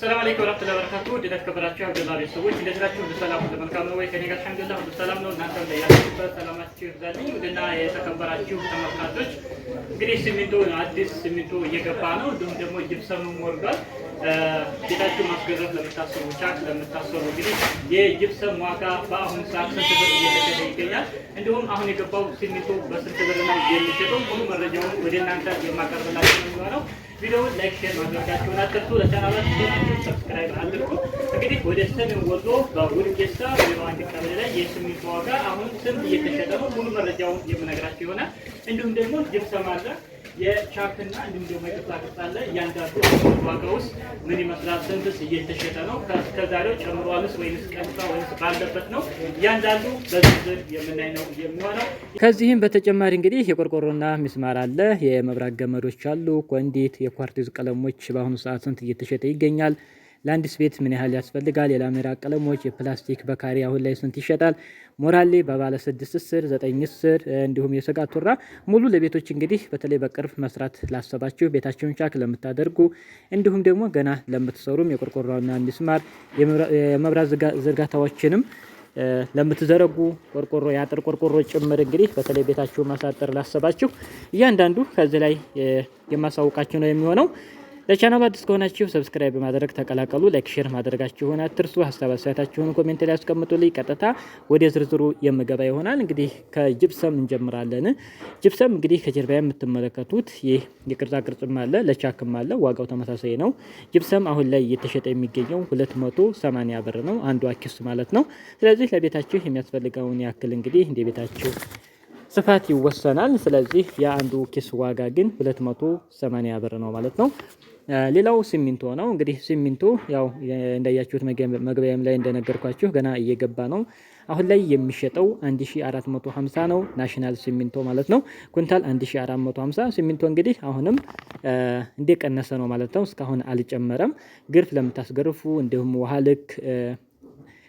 ሰላም አለይኩም ወራህመቱላሂ ወበረካቱ። ደህና ተከበራችሁ አገባ ቤተሰቦች እንዴት ናችሁ? ሁሉ ሰላም ሁሉ መልካም ነው ወይ? ከኔ ጋር አልሐምዱሊላህ ሁሉ ሰላም ነው። እናንተ እንደያላችሁበት ሰላማችሁ ይብዛልኝ። ውድና የተከበራችሁ ተመልካቾች እንግዲህ ሲሚንቶ አዲስ ሲሚንቶ እየገባ ነው፣ እንዲሁም ደግሞ ጅብሰምም ወርዷል። ቤታችሁ ማስገረፍ ለምታሰሩ ቻክ ለምታሰሩ እንግዲህ የጅብሰም ዋጋ በአሁኑ ሰዓት ስንት ብር እየተሸጠ ይገኛል? እንዲሁም አሁን የገባው ሲሚንቶ በስንት ብር ነው የሚሸጠው? ሙሉ መረጃውን ወደ እናንተ የማቀርብላችሁ ነው። ቪዲዮውን ላይክ፣ ሼር ማድረጋችሁን አትርሱ። ለቻናላችን ሰብስክራይብ አድርጉ። እንግዲህ ወደ ሰሜን ወሎ በውርጌሳ ወይም አንድ ቀበሌ ላይ የስሚንቶ ዋጋ አሁን ስንት እየተሸጠ ነው ሙሉ መረጃውን የምነግራችሁ ይሆናል። እንዲሁም ደግሞ ጅብሰም አለ የቻክና እንዲሁም ደግሞ የቅርጻቅርጻለ እያንዳንዱ ዋጋ ውስጥ ምን ይመስላል፣ ስንትስ እየተሸጠ ነው፣ ከዛሬው ጨምሯልስ ወይንስ ቀንሳ ወይንስ ባለበት ነው እያንዳንዱ በዝርዝር የምናይ ነው የሚሆነው። ከዚህም በተጨማሪ እንግዲህ የቆርቆሮና ሚስማር አለ፣ የመብራት ገመዶች አሉ፣ ኮንዲት፣ የኳርቲዝ ቀለሞች በአሁኑ ሰዓት ስንት እየተሸጠ ይገኛል ለአንድስ ቤት ምን ያህል ያስፈልጋል? የላሜራ ቀለሞች፣ የፕላስቲክ በካሬ አሁን ላይ ስንት ይሸጣል? ሞራሌ በባለ ስድስት ስር ዘጠኝ ስር እንዲሁም የስጋ ቱራ ሙሉ ለቤቶች እንግዲህ በተለይ በቅርብ መስራት ላሰባችሁ ቤታችሁን ቻክ ለምታደርጉ እንዲሁም ደግሞ ገና ለምትሰሩም የቆርቆሮና ሚስማር የመብራት ዝርጋታዎችንም ለምትዘረጉ ቆርቆሮ የአጥር ቆርቆሮ ጭምር እንግዲህ በተለይ ቤታችሁ ማሳጠር ላሰባችሁ እያንዳንዱ ከዚህ ላይ የማሳውቃችሁ ነው የሚሆነው። ለቻናሉ አዲስ ከሆናችሁ ሰብስክራይብ በማድረግ ተቀላቀሉ። ላይክ፣ ሼር ማድረጋችሁን አትርሱ። ሀሳብ አስተያየታችሁን ኮሜንት ላይ አስቀምጡልኝ። ቀጥታ ወደ ዝርዝሩ የምገባ ይሆናል። እንግዲህ ከጅፕሰም እንጀምራለን። ጅብሰም እንግዲህ ከጀርባ የምትመለከቱት ይህ የቅርጻ ቅርጽም አለ ለቻክም አለ። ዋጋው ተመሳሳይ ነው። ጅብሰም አሁን ላይ እየተሸጠ የሚገኘው 280 ብር ነው አንዷ ኪስ ማለት ነው። ስለዚህ ለቤታችሁ የሚያስፈልገውን ያክል እንግዲህ እንደ ቤታችሁ ስፋት ይወሰናል። ስለዚህ የአንዱ ኪስ ዋጋ ግን 280 ብር ነው ማለት ነው። ሌላው ሲሚንቶ ነው። እንግዲህ ሲሚንቶ ያው እንዳያችሁት መግቢያም ላይ እንደነገርኳችሁ ገና እየገባ ነው። አሁን ላይ የሚሸጠው 1450 ነው፣ ናሽናል ሲሚንቶ ማለት ነው። ኩንታል 1450። ሲሚንቶ እንግዲህ አሁንም እንደቀነሰ ነው ማለት ነው። እስካሁን አልጨመረም። ግርፍ ለምታስገርፉ እንዲሁም ውሃ ልክ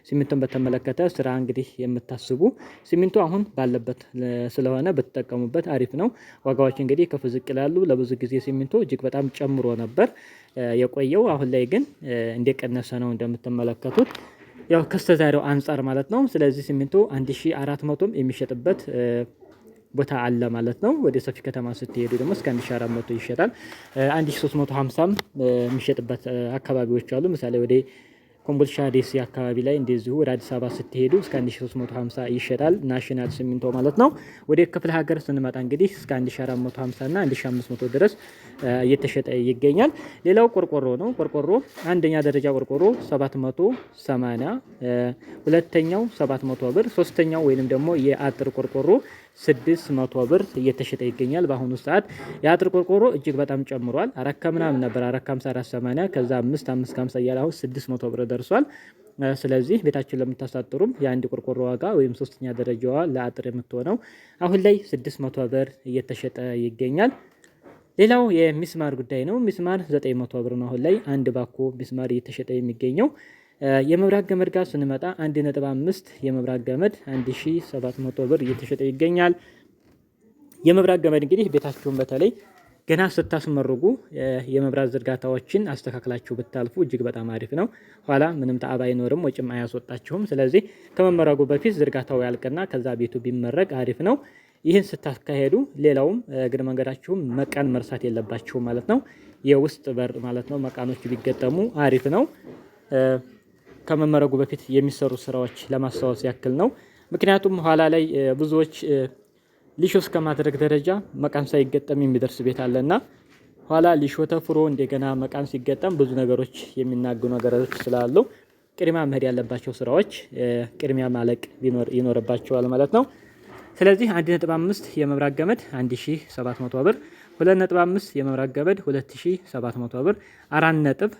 ሲሚንቶን በተመለከተ ስራ እንግዲህ የምታስቡ ሲሚንቶ አሁን ባለበት ስለሆነ ብትጠቀሙበት አሪፍ ነው። ዋጋዎች እንግዲህ ከፍ ዝቅ ይላሉ። ለብዙ ጊዜ ሲሚንቶ እጅግ በጣም ጨምሮ ነበር የቆየው። አሁን ላይ ግን እንደቀነሰ ነው እንደምትመለከቱት ያው ከስተዛሬው አንጻር ማለት ነው። ስለዚህ ሲሚንቶ 1400ም የሚሸጥበት ቦታ አለ ማለት ነው። ወደ ሰፊ ከተማ ስትሄዱ ደግሞ እስከ 1400 ይሸጣል። 1350ም የሚሸጥበት አካባቢዎች አሉ። ምሳሌ ወደ ኮምቦልቻ ደሴ አካባቢ ላይ እንደዚሁ ወደ አዲስ አበባ ስትሄዱ እስከ 1350 ይሸጣል ናሽናል ሲሚንቶ ማለት ነው። ወደ ክፍለ ሀገር ስንመጣ እንግዲህ እስከ 1450 እና 1500 ድረስ እየተሸጠ ይገኛል። ሌላው ቆርቆሮ ነው። ቆርቆሮ አንደኛ ደረጃ ቆርቆሮ 780፣ ሁለተኛው 700 ብር፣ ሶስተኛው ወይንም ደግሞ የአጥር ቆርቆሮ ስድስት መቶ ብር እየተሸጠ ይገኛል። በአሁኑ ሰዓት የአጥር ቆርቆሮ እጅግ በጣም ጨምሯል። አራካ ከምናምን ነበር አራት ከሀምሳ አራት ከዛ እያለ አሁን ስድስት ብር ደርሷል። ስለዚህ ቤታችን ለምታሳጥሩም የአንድ ቆርቆሮ ዋጋ ወይም ሶስተኛ ደረጃዋ ለአጥር የምትሆነው አሁን ላይ ስድስት መቶ ብር እየተሸጠ ይገኛል። ሌላው የሚስማር ጉዳይ ነው። ሚስማር 900 መቶ ብር ነው አሁን ላይ አንድ ባኮ ሚስማር እየተሸጠ የሚገኘው የመብራት ገመድ ጋር ስንመጣ አንድ አምስት የመብራት ገመድ ሺ መቶ ብር እየተሸጠ ይገኛል። የመብራት ገመድ እንግዲህ ቤታችሁን በተለይ ገና ስታስመርጉ የመብራት ዝርጋታዎችን አስተካክላችሁ ብታልፉ እጅግ በጣም አሪፍ ነው። ኋላ ምንም ተአብ አይኖርም፣ ወጭም አያስወጣችሁም። ስለዚህ ከመመረጉ በፊት ዝርጋታው ያልቅና ከዛ ቤቱ ቢመረግ አሪፍ ነው። ይህን ስታካሄዱ ሌላውም እግረ መንገዳችሁም መቃን መርሳት የለባችሁም ማለት ነው። የውስጥ በር ማለት ነው መቃኖች ቢገጠሙ አሪፍ ነው። ከመመረጉ በፊት የሚሰሩ ስራዎች ለማስታወስ ያክል ነው። ምክንያቱም ኋላ ላይ ብዙዎች ሊሾ እስከማድረግ ደረጃ መቃን ሳይገጠም የሚደርስ ቤት አለና ኋላ ሊሾ ተፍሮ እንደገና መቃን ሲገጠም ብዙ ነገሮች የሚናጉ ነገሮች ስላሉ ቅድሚያ መሄድ ያለባቸው ስራዎች ቅድሚያ ማለቅ ይኖርባቸዋል ማለት ነው። ስለዚህ 1.5 የመብራት ገመድ 1700 ብር፣ 2.5 የመብራት ገመድ 2700 ብር፣ 4 ነጥብ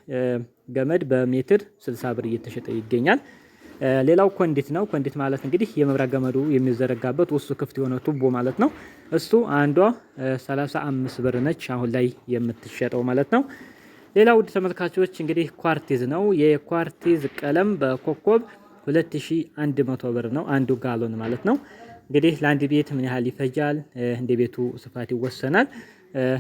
ገመድ በሜትር 60 ብር እየተሸጠ ይገኛል። ሌላው ኮንዲት ነው። ኮንዲት ማለት እንግዲህ የመብራት ገመዱ የሚዘረጋበት ውስጡ ክፍት የሆነ ቱቦ ማለት ነው። እሱ አንዷ 35 ብር ነች አሁን ላይ የምትሸጠው ማለት ነው። ሌላው ውድ ተመልካቾች እንግዲህ ኳርቲዝ ነው። የኳርቲዝ ቀለም በኮከብ 2100 ብር ነው አንዱ ጋሎን ማለት ነው። እንግዲህ ለአንድ ቤት ምን ያህል ይፈጃል? እንደ ቤቱ ስፋት ይወሰናል።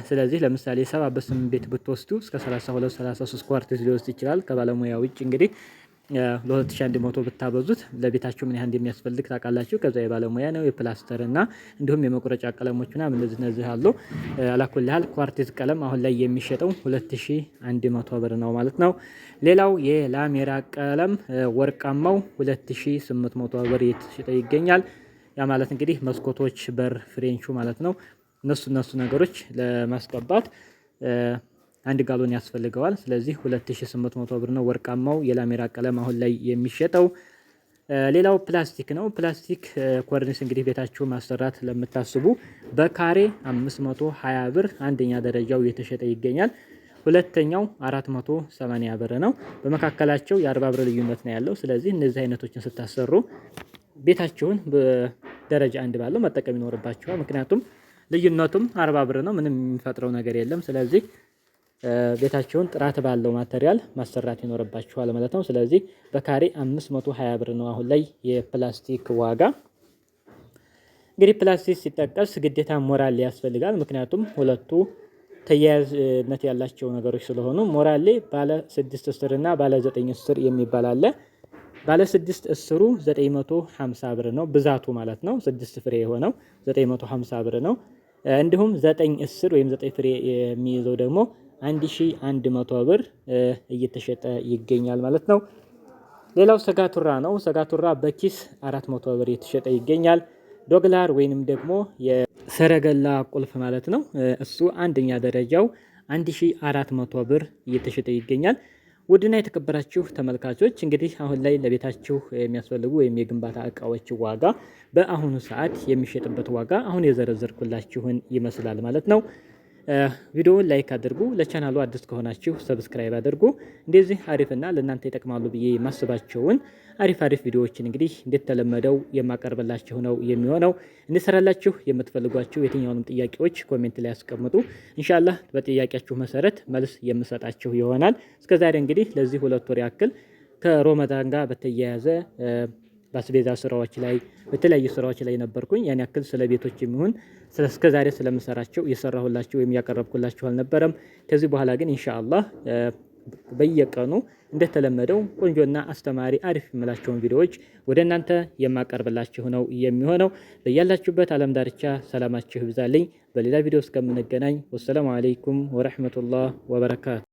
ስለዚህ ለምሳሌ ሰባ ቤት ብትወስዱ እስከ 32 33 ኳርቲዝ ሊወስድ ይችላል። ከባለሙያ ውጭ እንግዲህ ለ2100 ብታበዙት ለቤታችሁ ምን ያህል እንደሚያስፈልግ ታውቃላችሁ። ከዛ የባለሙያ ነው የፕላስተር እና እንዲሁም የመቁረጫ ቀለሞች ና እነዚህ እነዚህ አሉ። አላኩል ያህል ኳርቲዝ ቀለም አሁን ላይ የሚሸጠው 2100 ብር ነው ማለት ነው። ሌላው የላሜራ ቀለም ወርቃማው 2800 ብር የተሸጠ ይገኛል። ያ ማለት እንግዲህ መስኮቶች፣ በር፣ ፍሬንቹ ማለት ነው። እነሱ እነሱ ነገሮች ለማስገባት አንድ ጋሎን ያስፈልገዋል። ስለዚህ 2800 ብር ነው ወርቃማው የላሜራ ቀለም አሁን ላይ የሚሸጠው። ሌላው ፕላስቲክ ነው። ፕላስቲክ ኮርኒስ እንግዲህ ቤታችሁ ማሰራት ለምታስቡ በካሬ 520 ብር አንደኛ ደረጃው የተሸጠ ይገኛል። ሁለተኛው 480 ብር ነው። በመካከላቸው የ40 ብር ልዩነት ነው ያለው። ስለዚህ እነዚህ አይነቶችን ስታሰሩ ቤታችሁን በደረጃ አንድ ባለው መጠቀም ይኖርባችኋል። ምክንያቱም ልዩነቱም አርባ ብር ነው። ምንም የሚፈጥረው ነገር የለም። ስለዚህ ቤታቸውን ጥራት ባለው ማቴሪያል ማሰራት ይኖርባችኋል ማለት ነው። ስለዚህ በካሬ 520 ብር ነው አሁን ላይ የፕላስቲክ ዋጋ። እንግዲህ ፕላስቲክ ሲጠቀስ ግዴታ ሞራሌ ያስፈልጋል። ምክንያቱም ሁለቱ ተያያዝነት ያላቸው ነገሮች ስለሆኑ ሞራሌ ባለ ስድስት እስር እና ባለ ዘጠኝ እስር የሚባል አለ። ባለ ስድስት እስሩ 950 ብር ነው ብዛቱ ማለት ነው። ስድስት ፍሬ የሆነው 950 ብር ነው። እንዲሁም ዘጠኝ እስር ወይም ዘጠኝ ፍሬ የሚይዘው ደግሞ 1100 ብር እየተሸጠ ይገኛል ማለት ነው። ሌላው ሰጋቱራ ነው። ሰጋቱራ በኪስ 400 ብር እየተሸጠ ይገኛል። ዶግላር ወይንም ደግሞ የሰረገላ ቁልፍ ማለት ነው። እሱ አንደኛ ደረጃው 1400 ብር እየተሸጠ ይገኛል። ውድና የተከበራችሁ ተመልካቾች እንግዲህ አሁን ላይ ለቤታችሁ የሚያስፈልጉ ወይም የግንባታ እቃዎች ዋጋ በአሁኑ ሰዓት የሚሸጥበት ዋጋ አሁን የዘረዘርኩላችሁን ይመስላል ማለት ነው። ቪዲዮውን ላይክ አድርጉ። ለቻናሉ አዲስ ከሆናችሁ ሰብስክራይብ አድርጉ። እንደዚህ አሪፍና ለእናንተ ይጠቅማሉ ብዬ የማስባቸውን አሪፍ አሪፍ ቪዲዮዎችን እንግዲህ እንደተለመደው የማቀርብላችሁ ነው የሚሆነው። እንሰራላችሁ የምትፈልጓችሁ የትኛውንም ጥያቄዎች ኮሜንት ላይ ያስቀምጡ። እንሻላ በጥያቄያችሁ መሰረት መልስ የምሰጣችሁ ይሆናል። እስከዛሬ እንግዲህ ለዚህ ሁለት ወር ያክል ከሮመዳን ጋር በተያያዘ በአስቤዛ ስራዎች ላይ በተለያዩ ስራዎች ላይ ነበርኩኝ። ያን ያክል ስለ ቤቶች የሚሆን እስከ ዛሬ ስለምሰራቸው እየሰራሁላቸው ወይም እያቀረብኩላቸው አልነበረም። ከዚህ በኋላ ግን ኢንሻአላህ በየቀኑ እንደተለመደው ቆንጆና አስተማሪ አሪፍ የምላቸውን ቪዲዮዎች ወደ እናንተ የማቀርብላችሁ ነው የሚሆነው። በያላችሁበት ዓለም ዳርቻ ሰላማችሁ ይብዛልኝ። በሌላ ቪዲዮ እስከምንገናኝ ወሰላሙ አለይኩም ወረህመቱላህ ወበረካቱ።